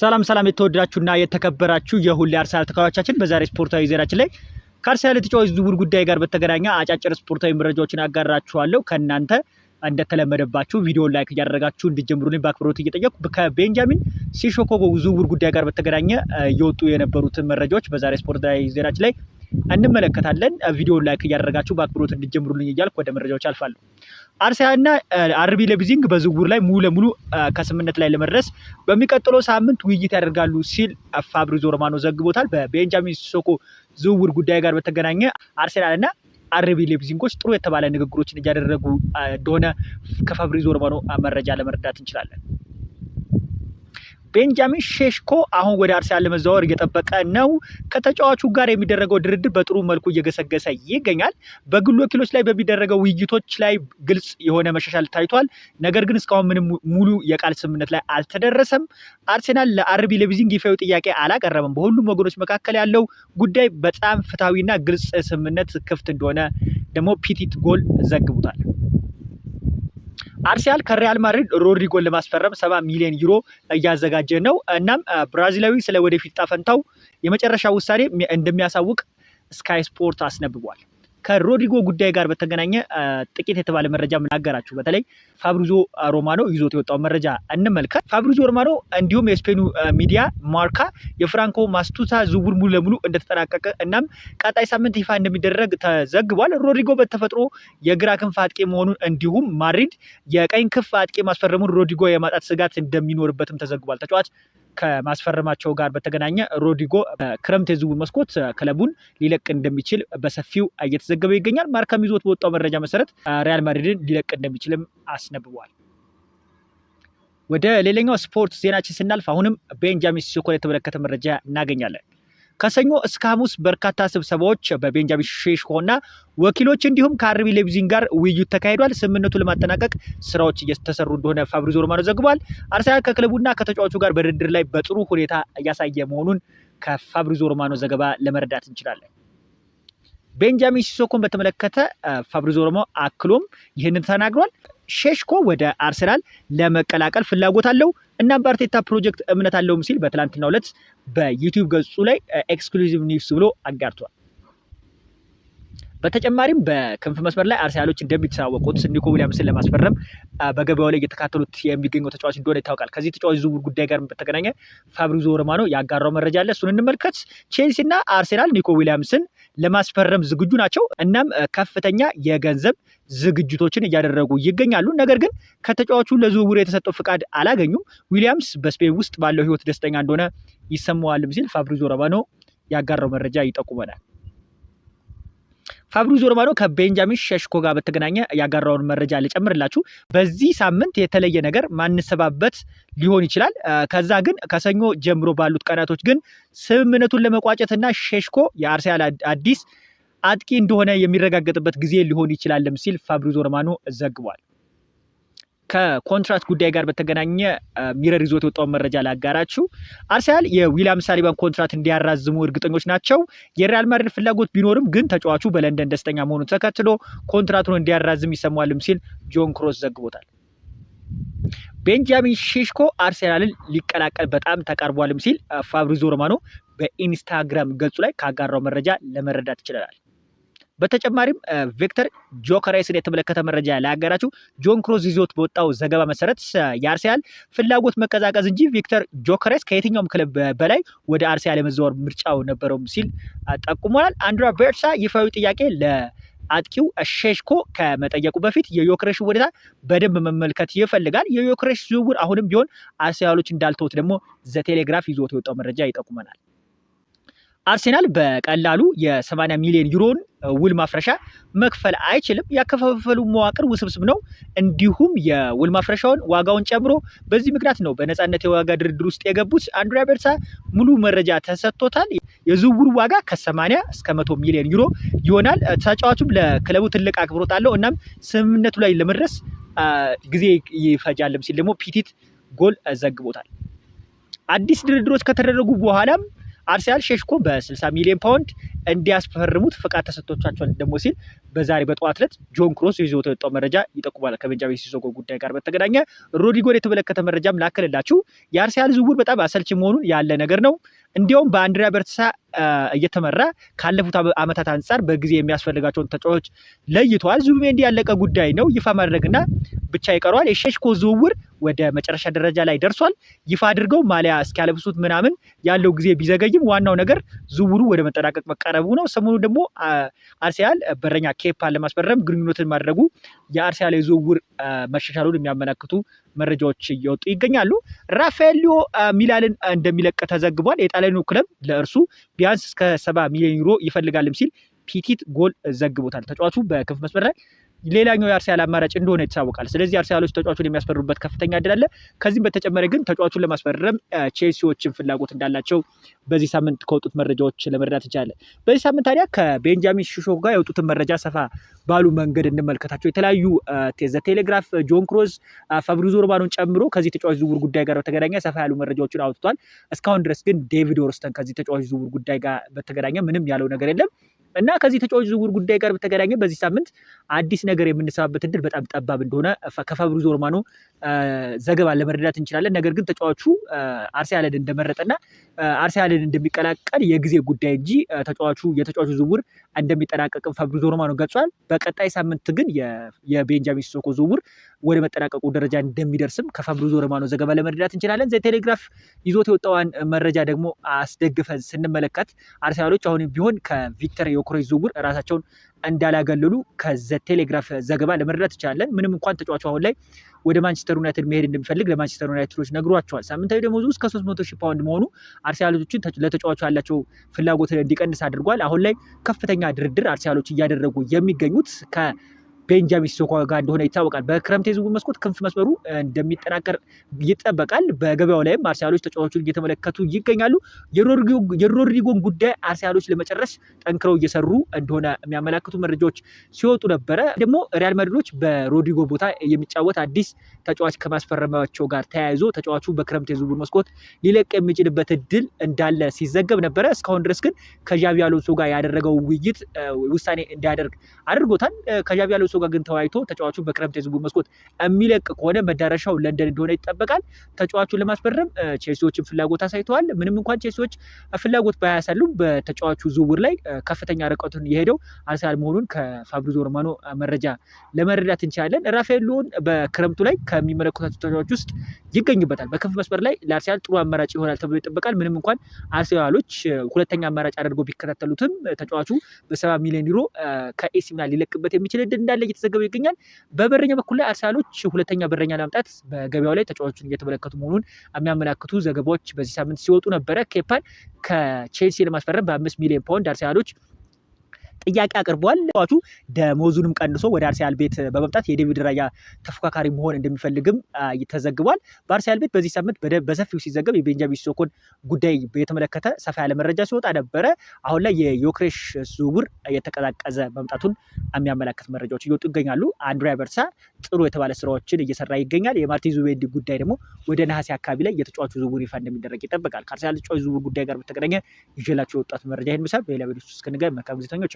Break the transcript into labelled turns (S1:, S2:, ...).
S1: ሰላም ሰላም የተወደዳችሁና የተከበራችሁ የሁሌ አርሰናል ተከታዮቻችን በዛሬ ስፖርታዊ ዜናችን ላይ ከአርሰናል የተጫዋች ዝውውር ጉዳይ ጋር በተገናኘ አጫጭር ስፖርታዊ መረጃዎችን አጋራችኋለሁ። ከእናንተ እንደተለመደባችሁ ቪዲዮ ላይክ እያደረጋችሁ እንዲጀምሩልኝ በአክብሮት እየጠየቁ ከቤንጃሚን ሴስኮ ዝውውር ጉዳይ ጋር በተገናኘ የወጡ የነበሩትን መረጃዎች በዛሬ ስፖርታዊ ዜናችን ላይ እንመለከታለን። ቪዲዮ ላይክ እያደረጋችሁ በአክብሮት እንዲጀምሩልኝ እያልኩ ወደ መረጃዎች አልፋለሁ። አርሰናልና አርቢ ለቢዚንግ በዝውውር ላይ ሙሉ ለሙሉ ከስምምነት ላይ ለመድረስ በሚቀጥለው ሳምንት ውይይት ያደርጋሉ ሲል ፋብሪዞ ሮማኖ ዘግቦታል። በቤንጃሚን ሲስኮ ዝውውር ጉዳይ ጋር በተገናኘ አርሰናልና አርቢ ላይፕዚጎች ጥሩ የተባለ ንግግሮችን እያደረጉ እንደሆነ ከፋብሪዞ ሮማኖ መረጃ ለመረዳት እንችላለን። ቤንጃሚን ሼሽኮ አሁን ወደ አርሰናል ለመዘዋወር እየጠበቀ ነው። ከተጫዋቹ ጋር የሚደረገው ድርድር በጥሩ መልኩ እየገሰገሰ ይገኛል። በግል ወኪሎች ላይ በሚደረገው ውይይቶች ላይ ግልጽ የሆነ መሻሻል ታይቷል። ነገር ግን እስካሁን ምንም ሙሉ የቃል ስምምነት ላይ አልተደረሰም። አርሴናል ለአርቢ ሌቪዚንግ ይፋዊ ጥያቄ አላቀረበም። በሁሉም ወገኖች መካከል ያለው ጉዳይ በጣም ፍትሐዊና ግልጽ ስምምነት ክፍት እንደሆነ ደግሞ ፒቲት ጎል ዘግቡታል። አርሰናል ከሪያል ማድሪድ ሮድሪጎን ለማስፈረም ሰባ ሚሊዮን ዩሮ እያዘጋጀ ነው። እናም ብራዚላዊ ስለ ወደፊት ጣፈንታው የመጨረሻ ውሳኔ እንደሚያሳውቅ ስካይ ስፖርት አስነብቧል። ከሮድሪጎ ጉዳይ ጋር በተገናኘ ጥቂት የተባለ መረጃ ምናገራችሁ። በተለይ ፋብሪዞ ሮማኖ ይዞት የወጣው መረጃ እንመልከት። ፋብሪዞ ሮማኖ እንዲሁም የስፔኑ ሚዲያ ማርካ የፍራንኮ ማስቱታ ዝውውር ሙሉ ለሙሉ እንደተጠናቀቀ እናም ቀጣይ ሳምንት ይፋ እንደሚደረግ ተዘግቧል። ሮድሪጎ በተፈጥሮ የግራ ክንፍ አጥቂ መሆኑን እንዲሁም ማድሪድ የቀኝ ክንፍ አጥቂ ማስፈረሙን ሮድሪጎ የማጣት ስጋት እንደሚኖርበትም ተዘግቧል። ተጫዋች ከማስፈረማቸው ጋር በተገናኘ ሮድሪጎ ክረምት የዝውውር መስኮት ክለቡን ሊለቅ እንደሚችል በሰፊው እየተዘገበ ይገኛል። ማርካ ይዞት በወጣው መረጃ መሰረት ሪያል ማድሪድን ሊለቅ እንደሚችልም አስነብቧል። ወደ ሌላኛው ስፖርት ዜናችን ስናልፍ አሁንም ቤንጃሚን ሲስኮን የተመለከተ መረጃ እናገኛለን። ከሰኞ እስከ ሐሙስ በርካታ ስብሰባዎች በቤንጃሚን ሼሽኮና ወኪሎች እንዲሁም ከአርቢ ሌቪዚን ጋር ውይይት ተካሂዷል። ስምምነቱ ለማጠናቀቅ ስራዎች እየተሰሩ እንደሆነ ፋብሪዞ ሮማኖ ዘግቧል። አርሰናል ከክለቡና ከተጫዋቹ ጋር በድርድር ላይ በጥሩ ሁኔታ እያሳየ መሆኑን ከፋብሪዞ ሮማኖ ዘገባ ለመረዳት እንችላለን። ቤንጃሚን ሲሶኮን በተመለከተ ፋብሪዞ ሮማኖ አክሎም ይህንን ተናግሯል። ሼሽኮ ወደ አርሰናል ለመቀላቀል ፍላጎት አለው እና በአርቴታ ፕሮጀክት እምነት አለውም ሲል በትላንትና ዕለት በዩቲዩብ ገጹ ላይ ኤክስክሉዚቭ ኒውስ ብሎ አጋርቷል። በተጨማሪም በክንፍ መስመር ላይ አርሰናሎች እንደሚተሳወቁት ኒኮ ዊሊያምስን ለማስፈረም በገበያው ላይ እየተካተሉት የሚገኘው ተጫዋች እንደሆነ ይታወቃል። ከዚህ ተጫዋች ዝውውር ጉዳይ ጋር በተገናኘ ፋብሪዞ ሮማኖ ያጋራው መረጃ አለ። እሱን እንመልከት። ቼልሲ እና አርሴናል ኒኮ ዊሊያምስን ለማስፈረም ዝግጁ ናቸው። እናም ከፍተኛ የገንዘብ ዝግጅቶችን እያደረጉ ይገኛሉ። ነገር ግን ከተጫዋቹ ለዝውውር የተሰጠው ፍቃድ አላገኙም። ዊሊያምስ በስፔን ውስጥ ባለው ሕይወት ደስተኛ እንደሆነ ይሰማዋልም ሲል ፋብሪዞ ረባኖ ያጋራው መረጃ ይጠቁመናል። ፋብሪዞ ሮማኖ ከቤንጃሚን ሸሽኮ ጋር በተገናኘ ያጋራውን መረጃ ልጨምርላችሁ። በዚህ ሳምንት የተለየ ነገር ማንሰባበት ሊሆን ይችላል። ከዛ ግን ከሰኞ ጀምሮ ባሉት ቀናቶች ግን ስምምነቱን ለመቋጨት ለመቋጨትና ሸሽኮ የአርሰናል አዲስ አጥቂ እንደሆነ የሚረጋገጥበት ጊዜ ሊሆን ይችላልም ሲል ፋብሪዞ ሮማኖ ዘግቧል። ከኮንትራት ጉዳይ ጋር በተገናኘ ሚረር ይዞት የወጣውን መረጃ ላጋራችሁ። አርሰናል የዊሊያም ሳሊባን ኮንትራት እንዲያራዝሙ እርግጠኞች ናቸው። የሪያል ማድሪድ ፍላጎት ቢኖርም ግን ተጫዋቹ በለንደን ደስተኛ መሆኑን ተከትሎ ኮንትራቱን እንዲያራዝም ይሰማዋልም ሲል ጆን ክሮስ ዘግቦታል። ቤንጃሚን ሼሽኮ አርሰናልን ሊቀላቀል በጣም ተቃርቧልም ሲል ፋብሪዞ ሮማኖ በኢንስታግራም ገጹ ላይ ካጋራው መረጃ ለመረዳት ይችላል። በተጨማሪም ቬክተር ጆከራይስን የተመለከተ መረጃ ለአጋራችሁ ጆን ክሮዝ ይዞት በወጣው ዘገባ መሰረት የአርሰናል ፍላጎት መቀዛቀዝ እንጂ ቪክተር ጆከራይስ ከየትኛውም ክለብ በላይ ወደ አርሰናል የመዘወር ምርጫው ነበረውም ሲል ጠቁሟል። አንድራ ቤርሳ ይፋዊ ጥያቄ ለአጥቂው ሼሽኮ ከመጠየቁ በፊት የዮክሬሽ ወደታ በደንብ መመልከት ይፈልጋል። የዮክሬሽ ዝውውር አሁንም ቢሆን አርሰናሎች እንዳልተውት ደግሞ ዘቴሌግራፍ ይዞት የወጣው መረጃ ይጠቁመናል። አርሴናል በቀላሉ የ80 ሚሊዮን ዩሮን ውል ማፍረሻ መክፈል አይችልም። ያከፋፈሉ መዋቅር ውስብስብ ነው። እንዲሁም የውል ማፍረሻውን ዋጋውን ጨምሮ በዚህ ምክንያት ነው በነፃነት የዋጋ ድርድር ውስጥ የገቡት። አንድሪያ በርታ ሙሉ መረጃ ተሰጥቶታል። የዝውውር ዋጋ ከ80 እስከ 100 ሚሊዮን ዩሮ ይሆናል። ተጫዋቹም ለክለቡ ትልቅ አክብሮት አለው። እናም ስምምነቱ ላይ ለመድረስ ጊዜ ይፈጃልም ሲል ደግሞ ፒቲት ጎል ዘግቦታል። አዲስ ድርድሮች ከተደረጉ በኋላም አርሰናል ሼሽኮ በ60 ሚሊዮን ፓውንድ እንዲያስፈርሙት ፈቃድ ተሰጥቷቸዋል ደግሞ ሲል በዛሬ በጠዋት ዕለት ጆን ክሮስ ይዞ የወጣው መረጃ ይጠቁማል። ከቤንጃሚን ሲስኮ ጉዳይ ጋር በተገናኘ ሮድሪጎን የተመለከተ መረጃም ላከልላችሁ። የአርሰናል ዝውውር በጣም አሰልቺ መሆኑን ያለ ነገር ነው። እንዲያውም በአንድሪያ በርትሳ እየተመራ ካለፉት ዓመታት አንጻር በጊዜ የሚያስፈልጋቸውን ተጫዋቾች ለይተዋል። ዙቢሜንዲ ያለቀ ጉዳይ ነው ይፋ ማድረግና ብቻ ይቀረዋል። የሼሽኮ ዝውውር ወደ መጨረሻ ደረጃ ላይ ደርሷል። ይፋ አድርገው ማሊያ እስኪያለብሱት ምናምን ያለው ጊዜ ቢዘገይም ዋናው ነገር ዝውውሩ ወደ መጠናቀቅ መቃረቡ ነው። ሰሞኑ ደግሞ አርሴያል በረኛ ኬፓን ለማስፈረም ግንኙነትን ማድረጉ የአርሰናል የዝውውር መሻሻሉን የሚያመላክቱ መረጃዎች እየወጡ ይገኛሉ። ራፋኤሊዮ ሚላንን እንደሚለቅ ተዘግቧል። የጣሊያኑ ክለብ ለእርሱ ቢያንስ እስከ ሰባ ሚሊዮን ዩሮ ይፈልጋልም ሲል ፒቲት ጎል ዘግቦታል። ተጫዋቹ በክንፍ መስመር ላይ ሌላኛው የአርሰናል አማራጭ እንደሆነ ይታወቃል። ስለዚህ አርሰናሎች ተጫዋቹን የሚያስፈርሩበት ከፍተኛ እድል አለ። ከዚህም በተጨመረ ግን ተጫዋቹን ለማስፈረም ቼልሲዎችን ፍላጎት እንዳላቸው በዚህ ሳምንት ከወጡት መረጃዎች ለመረዳት ይቻላል። በዚህ ሳምንት ታዲያ ከቤንጃሚን ሽሾ ጋር የወጡትን መረጃ ሰፋ ባሉ መንገድ እንመልከታቸው። የተለያዩ ዘ ቴሌግራፍ፣ ጆን ክሮዝ፣ ፋብሪዞ ሮማኖን ጨምሮ ከዚህ ተጫዋች ዝውውር ጉዳይ ጋር በተገናኘ ሰፋ ያሉ መረጃዎችን አውጥቷል። እስካሁን ድረስ ግን ዴቪድ ኦርስተን ከዚህ ተጫዋች ዝውውር ጉዳይ ጋር በተገናኘ ምንም ያለው ነገር የለም። እና ከዚህ ተጫዋች ዝውውር ጉዳይ ጋር በተገናኘ በዚህ ሳምንት አዲስ ነገር የምንሰማበት እድል በጣም ጠባብ እንደሆነ ከፋብሪዞ ሮማኖ ዘገባ ለመረዳት እንችላለን። ነገር ግን ተጫዋቹ አርሴናልን እንደመረጠና አርሴናልን እንደሚቀላቀል የጊዜ ጉዳይ እንጂ ተጫዋቹ የተጫዋቹ ዝውውር እንደሚጠናቀቅም ፋብሪዞ ሮማኖ ገልጿል። በቀጣይ ሳምንት ግን የቤንጃሚን ሲሶኮ ዝውውር ወደ መጠናቀቁ ደረጃ እንደሚደርስም ከፋብሪዞ ሮማኖ ዘገባ ለመረዳት እንችላለን። ዘ ቴሌግራፍ ይዞት የወጣዋን መረጃ ደግሞ አስደግፈን ስንመለከት አርሴናሎች አሁንም ቢሆን ከቪክተር ዮክሬሽ ዝውውር ራሳቸውን እንዳላገለሉ ከዘ ቴሌግራፍ ዘገባ ለመረዳት ይቻላለን። ምንም እንኳን ተጫዋቹ አሁን ላይ ወደ ማንቸስተር ዩናይትድ መሄድ እንደሚፈልግ ለማንቸስተር ዩናይትዶች ነግሯቸዋል። ሳምንታዊ ደሞዙ እስከ 300 ሺህ ፓውንድ መሆኑ አርሰናሎችን ለተጫዋቹ ያላቸው ፍላጎት እንዲቀንስ አድርጓል። አሁን ላይ ከፍተኛ ድርድር አርሰናሎች እያደረጉ የሚገኙት ከ ቤንጃሚን ሲሶኮ ጋር እንደሆነ ይታወቃል። በክረምት የዝውውር መስኮት ክንፍ መስመሩ እንደሚጠናከር ይጠበቃል። በገበያው ላይም አርሰናሎች ተጫዋቹን እየተመለከቱ ይገኛሉ። የሮድሪጎን ጉዳይ አርሰናሎች ለመጨረስ ጠንክረው እየሰሩ እንደሆነ የሚያመላክቱ መረጃዎች ሲወጡ ነበረ። ደግሞ ሪያል ማድሪዶች በሮድሪጎ ቦታ የሚጫወት አዲስ ተጫዋች ከማስፈረማቸው ጋር ተያይዞ ተጫዋቹ በክረምት የዝውውር መስኮት ሊለቅ የሚችልበት እድል እንዳለ ሲዘገብ ነበረ። እስካሁን ድረስ ግን ከዣቢ አሎንሶ ጋር ያደረገው ውይይት ውሳኔ እንዳያደርግ አድርጎታል። ከዣቢ አሎንሶ ከእነሱ ጋር ግን ተወያይቶ ተጫዋቹ በክረምት የዝውውር መስኮት የሚለቅ ከሆነ መዳረሻው ለንደን እንደሆነ ይጠበቃል። ተጫዋቹን ለማስፈረም ቼልሲዎችን ፍላጎት አሳይተዋል። ምንም እንኳን ቼልሲዎች ፍላጎት ባያሳሉም በተጫዋቹ ዝውውር ላይ ከፍተኛ ርቀቱን የሄደው አርሰናል መሆኑን ከፋብሪዞ ሮማኖ መረጃ ለመረዳት እንችላለን። ራፋኤል ሎን በክረምቱ ላይ ከሚመለከታቸው ተጫዋች ውስጥ ይገኙበታል። በክንፍ መስመር ላይ ለአርሰናል ጥሩ አማራጭ ይሆናል ተብሎ ይጠበቃል። ምንም እንኳን አርሰናሎች ሁለተኛ አማራጭ አድርገው ቢከታተሉትም ተጫዋቹ በሰባ ሚሊዮን ዩሮ ከኤሲ ሚላን ሊለቅበት የሚችል እድል እንዳለ ላይ እየተዘገበ ይገኛል። በበረኛ በኩል ላይ አርሰናሎች ሁለተኛ በረኛ ለማምጣት በገበያው ላይ ተጫዋቾችን እየተመለከቱ መሆኑን የሚያመላክቱ ዘገባዎች በዚህ ሳምንት ሲወጡ ነበረ። ኬፓን ከቼልሲ ለማስፈረም በአምስት ሚሊዮን ፓውንድ አርሰናሎች ጥያቄ አቅርቧል። ተጫዋቹ ደሞዙንም ቀንሶ ወደ አርሰናል ቤት በመምጣት የዴቪድ ራያ ተፎካካሪ መሆን እንደሚፈልግም ተዘግቧል። በአርሰናል ቤት በዚህ ሳምንት በሰፊው ሲዘገብ የቤንጃሚን ሲስኮን ጉዳይ የተመለከተ ሰፋ ያለ መረጃ ሲወጣ ነበረ። አሁን ላይ የዮክሬሽ ዝውውር የተቀዛቀዘ መምጣቱን የሚያመላክት መረጃዎች እየወጡ ይገኛሉ። አንድሪያ በርሳ ጥሩ የተባለ ስራዎችን እየሰራ ይገኛል። የማርቲን ዙቤንዲ ጉዳይ ደግሞ ወደ ነሐሴ አካባቢ ላይ የተጫዋቹ ዝውውር ይፋ እንደሚደረግ ይጠበቃል። ከአርሰናል ተጫዋች ዝውውር ጉዳይ ጋር በተገናኘ ይዤላችሁ የወጣት መረጃ ይህን ምሳብ በሌላ ቤዶች ውስጥ እስክንገናኝ መልካም ጊዜተኞች